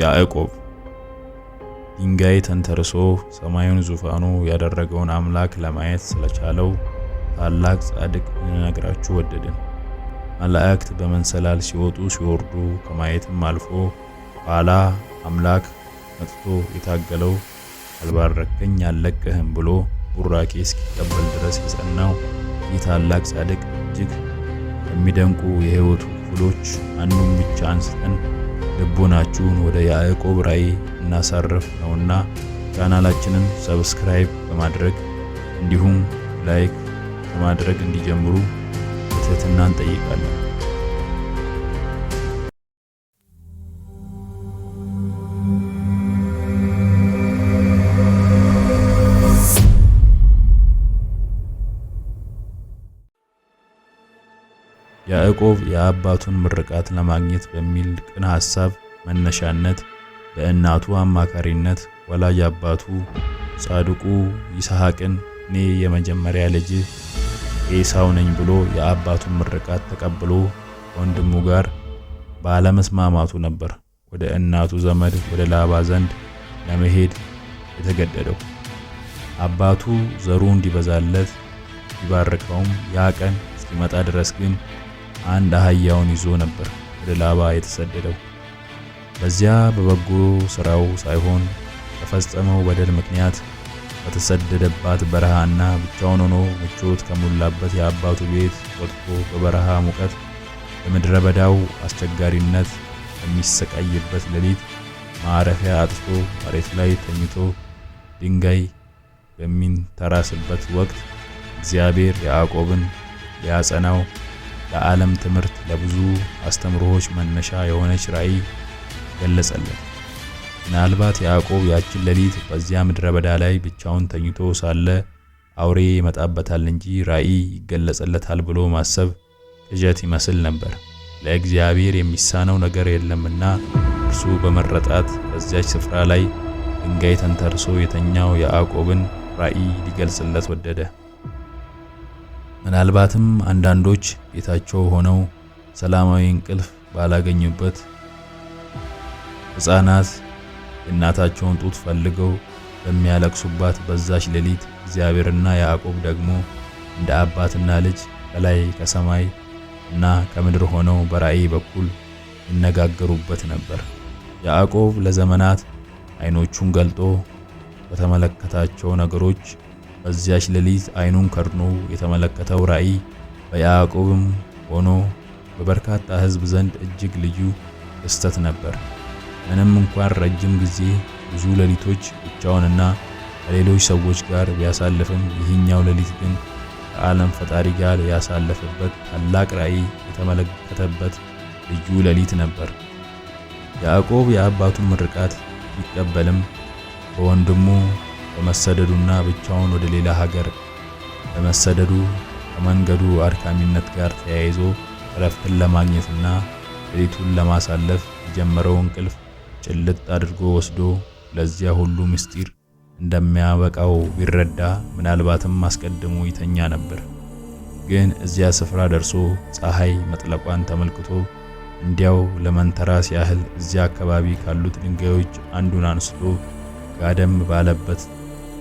ያዕቆብ ድንጋይ ተንተርሶ ሰማዩን ዙፋኑ ያደረገውን አምላክ ለማየት ስለቻለው ታላቅ ጻድቅ ልነግራችሁ ወደድን። መላእክት በመንሰላል ሲወጡ ሲወርዱ ከማየትም አልፎ ኋላ አምላክ መጥቶ የታገለው አልባረከኝ አልለቅህም ብሎ ቡራኬ እስኪቀበል ድረስ የጸናው ይህ ታላቅ ጻድቅ እጅግ የሚደንቁ የሕይወቱ ክፍሎች አንዱን ብቻ አንስተን ልቡናችሁን ወደ ያዕቆብ ራእይ እናሳርፍ ነውና ቻናላችንን ሰብስክራይብ በማድረግ እንዲሁም ላይክ በማድረግ እንዲጀምሩ በትህትና እንጠይቃለን። ያዕቆብ የአባቱን ምርቃት ለማግኘት በሚል ቅን ሐሳብ መነሻነት በእናቱ አማካሪነት ወላጅ አባቱ ጻድቁ ይስሐቅን እኔ የመጀመሪያ ልጅ ኤሳው ነኝ ብሎ የአባቱን ምርቃት ተቀብሎ ወንድሙ ጋር ባለመስማማቱ ነበር ወደ እናቱ ዘመድ ወደ ላባ ዘንድ ለመሄድ የተገደደው። አባቱ ዘሩ እንዲበዛለት ቢባርከውም ያ ቀን እስኪመጣ ድረስ ግን አንድ አህያውን ይዞ ነበር ወደ ላባ የተሰደደው። በዚያ በበጎ ስራው ሳይሆን በፈጸመው በደል ምክንያት በተሰደደባት በረሃና ብቻውን ሆኖ ምቾት ከሞላበት የአባቱ ቤት ወጥቶ በበረሃ ሙቀት በምድረ በዳው አስቸጋሪነት በሚሰቃይበት ሌሊት ማረፊያ አጥቶ መሬት ላይ ተኝቶ ድንጋይ በሚንተራስበት ወቅት እግዚአብሔር ያዕቆብን ሊያጸናው ለዓለም ትምህርት ለብዙ አስተምሮዎች መነሻ የሆነች ራእይ ገለጸለት። ምናልባት ያዕቆብ ያችን ሌሊት በዚያ ምድረ በዳ ላይ ብቻውን ተኝቶ ሳለ አውሬ ይመጣበታል እንጂ ራእይ ይገለጸለታል ብሎ ማሰብ ቅዠት ይመስል ነበር። ለእግዚአብሔር የሚሳነው ነገር የለምና እርሱ በመረጣት በዚያች ስፍራ ላይ ድንጋይ ተንተርሶ የተኛው ያዕቆብን ራእይ ሊገልጽለት ወደደ። ምናልባትም አንዳንዶች ቤታቸው ሆነው ሰላማዊ እንቅልፍ ባላገኙበት ሕፃናት የእናታቸውን ጡት ፈልገው በሚያለቅሱባት በዛች ሌሊት እግዚአብሔርና ያዕቆብ ደግሞ እንደ አባትና ልጅ ከላይ ከሰማይ እና ከምድር ሆነው በራእይ በኩል ይነጋገሩበት ነበር። ያዕቆብ ለዘመናት ዓይኖቹን ገልጦ በተመለከታቸው ነገሮች በዚያች ሌሊት ዓይኑን ከድኖ የተመለከተው ራእይ በያዕቆብም ሆኖ በበርካታ ሕዝብ ዘንድ እጅግ ልዩ ክስተት ነበር። ምንም እንኳን ረጅም ጊዜ ብዙ ሌሊቶች ብቻውንና ከሌሎች ሰዎች ጋር ቢያሳልፍም ይህኛው ሌሊት ግን ከዓለም ፈጣሪ ጋር ያሳለፈበት ታላቅ ራእይ የተመለከተበት ልዩ ሌሊት ነበር። ያዕቆብ የአባቱን ምርቃት ቢቀበልም በወንድሙ በመሰደዱና ብቻውን ወደ ሌላ ሀገር በመሰደዱ ከመንገዱ አድካሚነት ጋር ተያይዞ እረፍትን ለማግኘትና ሌሊቱን ለማሳለፍ የጀመረው እንቅልፍ ጭልጥ አድርጎ ወስዶ ለዚያ ሁሉ ምስጢር እንደሚያበቃው ቢረዳ ምናልባትም አስቀድሞ ይተኛ ነበር። ግን እዚያ ስፍራ ደርሶ ፀሐይ መጥለቋን ተመልክቶ እንዲያው ለመንተራስ ያህል እዚያ አካባቢ ካሉት ድንጋዮች አንዱን አንስቶ ጋደም ባለበት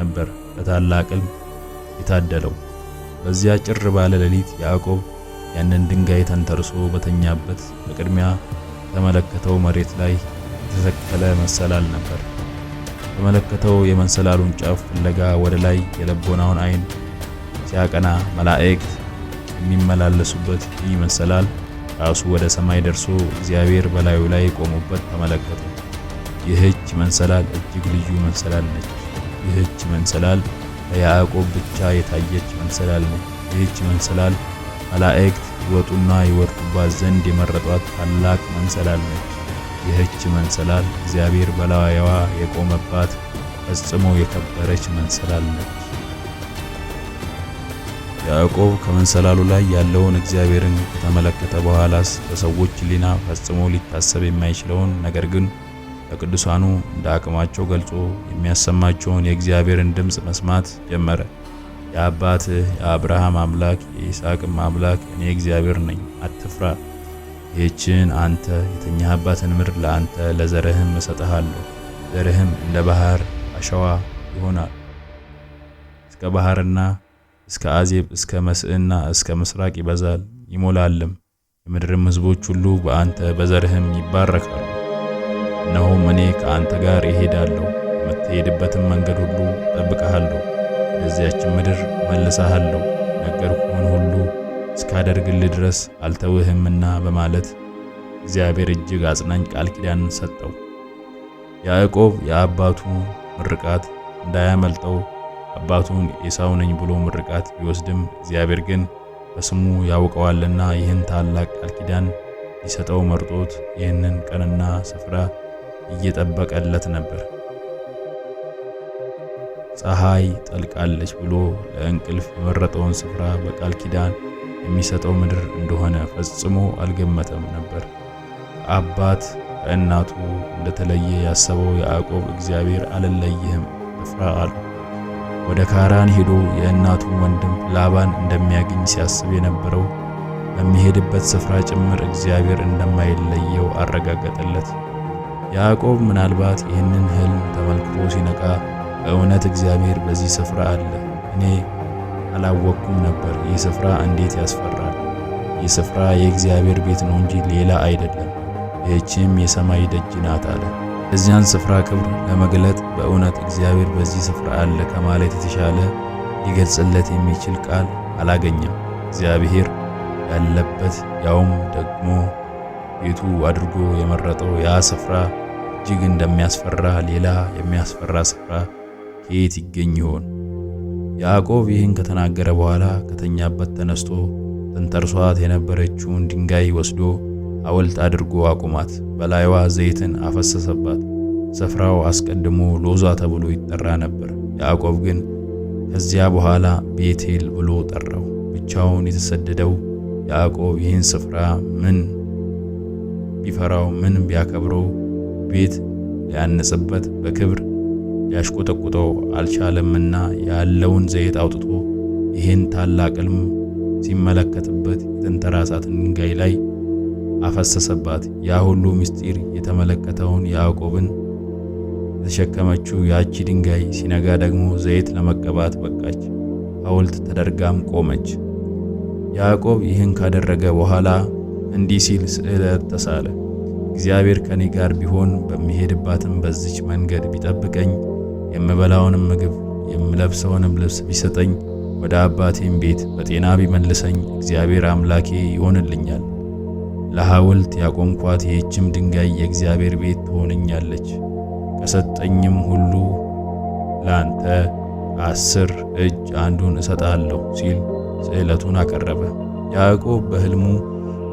ነበር በታላቅ ሕልም የታደለው። በዚያ ጭር ባለ ሌሊት ያዕቆብ ያንን ድንጋይ ተንተርሶ በተኛበት በቅድሚያ የተመለከተው መሬት ላይ የተተከለ መሰላል ነበር። የተመለከተው የመንሰላሉን ጫፍ ፍለጋ ወደ ላይ የልቦናውን ዓይን ሲያቀና መላእክት የሚመላለሱበት ይህ መሰላል ራሱ ወደ ሰማይ ደርሶ እግዚአብሔር በላዩ ላይ ቆሞበት ተመለከተ። ይህች መንሰላል እጅግ ልዩ መንሰላል ነች። ይህች መንሰላል ለያዕቆብ ብቻ የታየች መንሰላል ነው። ይህች መንሰላል መላእክት ይወጡና ይወርዱባት ዘንድ የመረጧት ታላቅ መንሰላል ነች። ይህች መንሰላል እግዚአብሔር በላዩዋ የቆመባት ፈጽሞ የከበረች መንሰላል ነች። ያዕቆብ ከመንሰላሉ ላይ ያለውን እግዚአብሔርን ከተመለከተ በኋላስ በሰዎች ሕሊና ፈጽሞ ሊታሰብ የማይችለውን ነገር ግን ለቅዱሳኑ እንደ አቅማቸው ገልጾ የሚያሰማቸውን የእግዚአብሔርን ድምፅ መስማት ጀመረ። የአባትህ የአብርሃም አምላክ የይስሐቅም አምላክ እኔ እግዚአብሔር ነኝ፣ አትፍራ። ይህችን አንተ የተኛህባትን ምድር ለአንተ ለዘርህም እሰጥሃለሁ፣ ዘርህም እንደ ባህር አሸዋ ይሆናል። እስከ ባህርና እስከ አዜብ እስከ መስዕና እስከ ምስራቅ ይበዛል ይሞላልም። የምድርም ሕዝቦች ሁሉ በአንተ በዘርህም ይባረካሉ። እነሆም እኔ ከአንተ ጋር እሄዳለሁ፣ የምትሄድበትን መንገድ ሁሉ እጠብቅሃለሁ፣ ወደዚያችን ምድር መልሰሃለሁ፣ ነገርኩህን ሁሉ እስካደርግልህ ድረስ አልተውህምና በማለት እግዚአብሔር እጅግ አጽናኝ ቃል ኪዳንን ሰጠው። ያዕቆብ የአባቱ ምርቃት እንዳያመልጠው አባቱን ኤሳው ነኝ ብሎ ምርቃት ቢወስድም እግዚአብሔር ግን በስሙ ያውቀዋልና ይህን ታላቅ ቃል ኪዳን ሊሰጠው መርጦት ይህንን ቀንና ስፍራ እየጠበቀለት ነበር። ፀሐይ ጠልቃለች ብሎ ለእንቅልፍ የመረጠውን ስፍራ በቃል ኪዳን የሚሰጠው ምድር እንደሆነ ፈጽሞ አልገመተም ነበር። አባት ከእናቱ እንደተለየ ያሰበው ያዕቆብ እግዚአብሔር አልለይህም ፍራ አለው። ወደ ካራን ሄዶ የእናቱ ወንድም ላባን እንደሚያገኝ ሲያስብ የነበረው በሚሄድበት ስፍራ ጭምር እግዚአብሔር እንደማይለየው አረጋገጠለት። ያዕቆብ ምናልባት ይህንን ሕልም ተመልክቶ ሲነቃ በእውነት እግዚአብሔር በዚህ ስፍራ አለ፣ እኔ አላወቅኩም ነበር፣ ይህ ስፍራ እንዴት ያስፈራል! ይህ ስፍራ የእግዚአብሔር ቤት ነው እንጂ ሌላ አይደለም፣ ይህችም የሰማይ ደጅ ናት አለ። እዚያን ስፍራ ክብር ለመግለጥ በእውነት እግዚአብሔር በዚህ ስፍራ አለ ከማለት የተሻለ ሊገልጽለት የሚችል ቃል አላገኘም። እግዚአብሔር ያለበት ያውም ደግሞ ቤቱ አድርጎ የመረጠው ያ ስፍራ እጅግ እንደሚያስፈራ ሌላ የሚያስፈራ ስፍራ ከየት ይገኝ ይሆን? ያዕቆብ ይህን ከተናገረ በኋላ ከተኛበት ተነስቶ ተንተርሷት የነበረችውን ድንጋይ ወስዶ ሐውልት አድርጎ አቁማት፣ በላይዋ ዘይትን አፈሰሰባት። ስፍራው አስቀድሞ ሎዛ ተብሎ ይጠራ ነበር። ያዕቆብ ግን ከዚያ በኋላ ቤቴል ብሎ ጠራው። ብቻውን የተሰደደው ያዕቆብ ይህን ስፍራ ምን ቢፈራው ምን ቢያከብረው ቤት ሊያነጽበት በክብር ሊያሽቆጠቁጠው አልቻለምና ያለውን ዘይት አውጥቶ ይህን ታላቅ ዕልም ሲመለከትበት የተንተራሳት ድንጋይ ላይ አፈሰሰባት። ያ ሁሉ ምስጢር የተመለከተውን ያዕቆብን የተሸከመችው ያቺ ድንጋይ ሲነጋ ደግሞ ዘይት ለመቀባት በቃች። ሐውልት ተደርጋም ቆመች። ያዕቆብ ይህን ካደረገ በኋላ እንዲህ ሲል ስዕለት ተሳለ። እግዚአብሔር ከኔ ጋር ቢሆን በሚሄድባትም በዚች መንገድ ቢጠብቀኝ የምበላውንም ምግብ የምለብሰውንም ልብስ ቢሰጠኝ ወደ አባቴም ቤት በጤና ቢመልሰኝ እግዚአብሔር አምላኬ ይሆንልኛል። ለሐውልት ያቆምኳት ይህችም ድንጋይ የእግዚአብሔር ቤት ትሆነኛለች። ከሰጠኝም ሁሉ ለአንተ አስር እጅ አንዱን እሰጣለሁ ሲል ስዕለቱን አቀረበ። ያዕቆብ በሕልሙ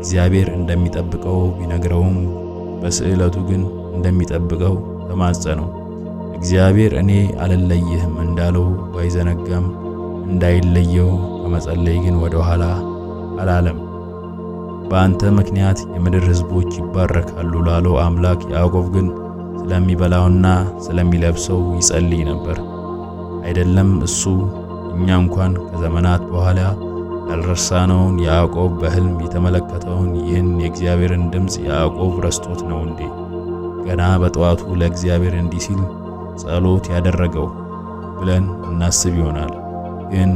እግዚአብሔር እንደሚጠብቀው ቢነግረውም በስዕለቱ ግን እንደሚጠብቀው ተማጸነው። እግዚአብሔር እኔ አልለይህም እንዳለው ባይዘነጋም እንዳይለየው ከመጸለይ ግን ወደ ኋላ አላለም። በአንተ ምክንያት የምድር ሕዝቦች ይባረካሉ ላለው አምላክ ያዕቆብ ግን ስለሚበላውና ስለሚለብሰው ይጸልይ ነበር። አይደለም እሱ እኛ እንኳን ከዘመናት በኋላ ያልረሳነውን ያዕቆብ በሕልም የተመለከተውን ይህን የእግዚአብሔርን ድምፅ ያዕቆብ ረስቶት ነው እንዴ? ገና በጠዋቱ ለእግዚአብሔር እንዲህ ሲል ጸሎት ያደረገው ብለን እናስብ ይሆናል። ግን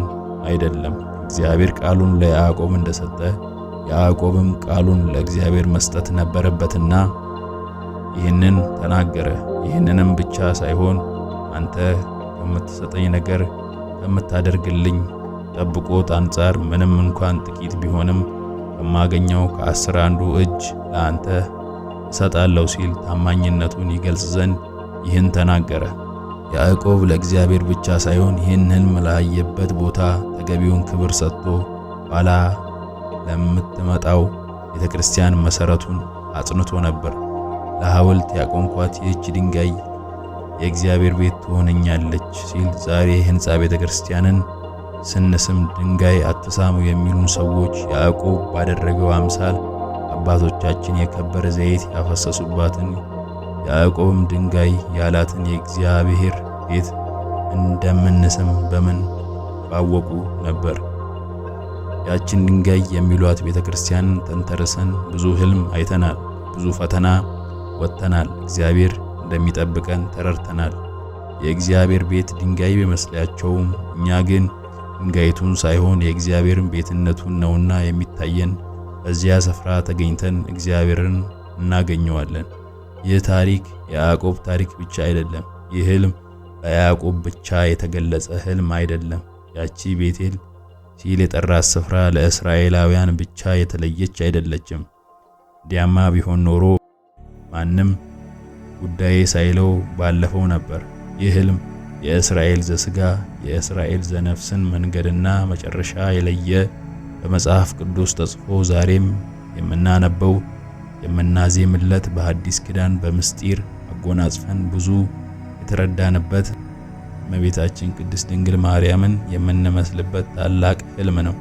አይደለም። እግዚአብሔር ቃሉን ለያዕቆብ እንደሰጠ ያዕቆብም ቃሉን ለእግዚአብሔር መስጠት ነበረበትና ይህንን ተናገረ። ይህንንም ብቻ ሳይሆን አንተ ከምትሰጠኝ ነገር ከምታደርግልኝ ጠብቆት አንጻር ምንም እንኳን ጥቂት ቢሆንም ከማገኘው ከአስር አንዱ እጅ ለአንተ እሰጣለሁ ሲል ታማኝነቱን ይገልጽ ዘንድ ይህን ተናገረ። ያዕቆብ ለእግዚአብሔር ብቻ ሳይሆን ይህን ሕልም ላየበት ቦታ ተገቢውን ክብር ሰጥቶ ኋላ ለምትመጣው ቤተ ክርስቲያን መሠረቱን አጽንቶ ነበር። ለሐውልት ያቆምኳት ይህች ድንጋይ የእግዚአብሔር ቤት ትሆነኛለች ሲል ዛሬ ሕንፃ ቤተ ክርስቲያንን ስንስም ድንጋይ አትሳሙ የሚሉን ሰዎች ያዕቆብ ባደረገው አምሳል አባቶቻችን የከበረ ዘይት ያፈሰሱባትን ያዕቆብም ድንጋይ ያላትን የእግዚአብሔር ቤት እንደምንስም በምን ባወቁ ነበር። ያችን ድንጋይ የሚሏት ቤተ ክርስቲያን ተንተርሰን ብዙ ህልም አይተናል፣ ብዙ ፈተና ወጥተናል። እግዚአብሔር እንደሚጠብቀን ተረድተናል። የእግዚአብሔር ቤት ድንጋይ ቢመስላቸውም እኛ ግን ድንጋይቱን ሳይሆን የእግዚአብሔርን ቤትነቱን ነውና የሚታየን። በዚያ ስፍራ ተገኝተን እግዚአብሔርን እናገኘዋለን። ይህ ታሪክ የያዕቆብ ታሪክ ብቻ አይደለም። ይህ ህልም በያዕቆብ ብቻ የተገለጸ ህልም አይደለም። ያቺ ቤቴል ሲል የጠራት ስፍራ ለእስራኤላውያን ብቻ የተለየች አይደለችም። እንዲያማ ቢሆን ኖሮ ማንም ጉዳዬ ሳይለው ባለፈው ነበር። ይህ ህልም የእስራኤል ዘስጋ የእስራኤል ዘነፍስን መንገድና መጨረሻ የለየ በመጽሐፍ ቅዱስ ተጽፎ ዛሬም የምናነበው የምናዜምለት በሐዲስ ኪዳን በምስጢር አጎናጽፈን ብዙ የተረዳንበት እመቤታችን ቅድስት ድንግል ማርያምን የምንመስልበት ታላቅ ሕልም ነው።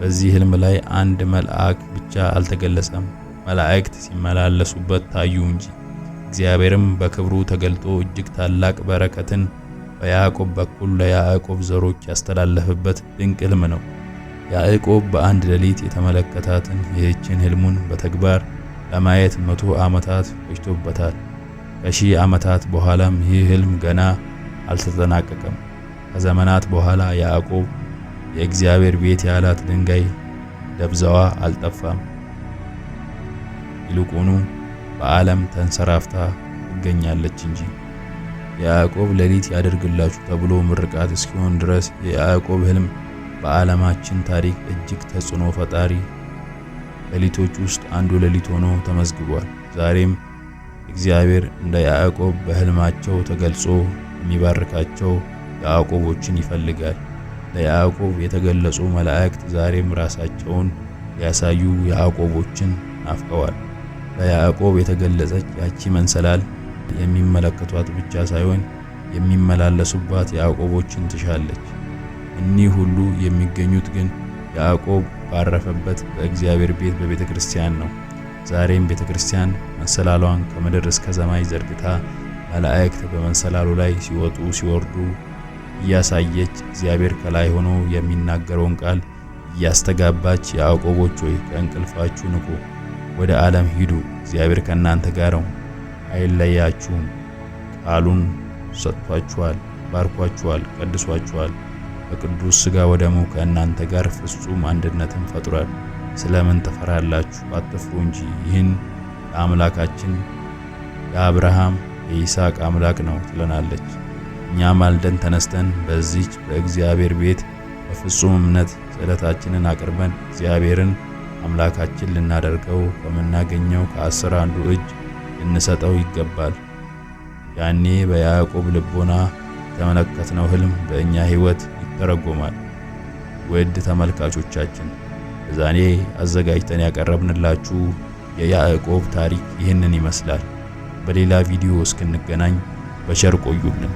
በዚህ ሕልም ላይ አንድ መልአክ ብቻ አልተገለጸም፣ መላእክት ሲመላለሱበት ታዩ እንጂ እግዚአብሔርም በክብሩ ተገልጦ እጅግ ታላቅ በረከትን በያዕቆብ በኩል ለያዕቆብ ዘሮች ያስተላለፈበት ድንቅ ሕልም ነው። ያዕቆብ በአንድ ሌሊት የተመለከታትን ይህችን ሕልሙን በተግባር ለማየት መቶ ዓመታት ፈጅቶበታል። ከሺህ ዓመታት በኋላም ይህ ሕልም ገና አልተጠናቀቀም። ከዘመናት በኋላ ያዕቆብ የእግዚአብሔር ቤት ያላት ድንጋይ ደብዛዋ አልጠፋም። ይልቁኑ በዓለም ተንሰራፍታ ትገኛለች እንጂ። የያዕቆብ ሌሊት ያደርግላችሁ ተብሎ ምርቃት እስኪሆን ድረስ የያዕቆብ ህልም በዓለማችን ታሪክ እጅግ ተጽዕኖ ፈጣሪ ሌሊቶች ውስጥ አንዱ ሌሊት ሆኖ ተመዝግቧል። ዛሬም እግዚአብሔር እንደ ያዕቆብ በህልማቸው ተገልጾ የሚባርካቸው ያዕቆቦችን ይፈልጋል። ለያዕቆብ የተገለጹ መላእክት ዛሬም ራሳቸውን ሊያሳዩ ያዕቆቦችን ናፍቀዋል። በያዕቆብ የተገለጸች ያቺ መንሰላል የሚመለከቷት ብቻ ሳይሆን የሚመላለሱባት ያዕቆቦችን ትሻለች። እኒህ ሁሉ የሚገኙት ግን ያዕቆብ ባረፈበት በእግዚአብሔር ቤት በቤተ ክርስቲያን ነው። ዛሬም ቤተ ክርስቲያን መንሰላሏን ከምድር እስከ ሰማይ ዘርግታ መላእክት በመንሰላሉ ላይ ሲወጡ ሲወርዱ እያሳየች እግዚአብሔር ከላይ ሆኖ የሚናገረውን ቃል እያስተጋባች ያዕቆቦች ሆይ ከእንቅልፋችሁ ንቁ ወደ ዓለም ሂዱ፣ እግዚአብሔር ከእናንተ ጋር ነው፣ አይለያችሁም። ቃሉን ሰጥቷችኋል፣ ባርኳችኋል፣ ቀድሷችኋል። በቅዱስ ሥጋ ወደሙ ከእናንተ ጋር ፍጹም አንድነትን ፈጥሯል። ስለምን ትፈራላችሁ? አትፍሩ እንጂ ይህን ለአምላካችን የአብርሃም የይስሐቅ አምላክ ነው ትለናለች። እኛ ማልደን ተነስተን በዚች በእግዚአብሔር ቤት በፍጹም እምነት ስዕለታችንን አቅርበን እግዚአብሔርን አምላካችን ልናደርገው ከምናገኘው ከአስር አንዱ እጅ ልንሰጠው ይገባል። ያኔ በያዕቆብ ልቦና የተመለከትነው ህልም በእኛ ህይወት ይተረጎማል። ውድ ተመልካቾቻችን በዛኔ አዘጋጅተን ያቀረብንላችሁ የያዕቆብ ታሪክ ይህንን ይመስላል። በሌላ ቪዲዮ እስክንገናኝ በቸር ቆዩልን።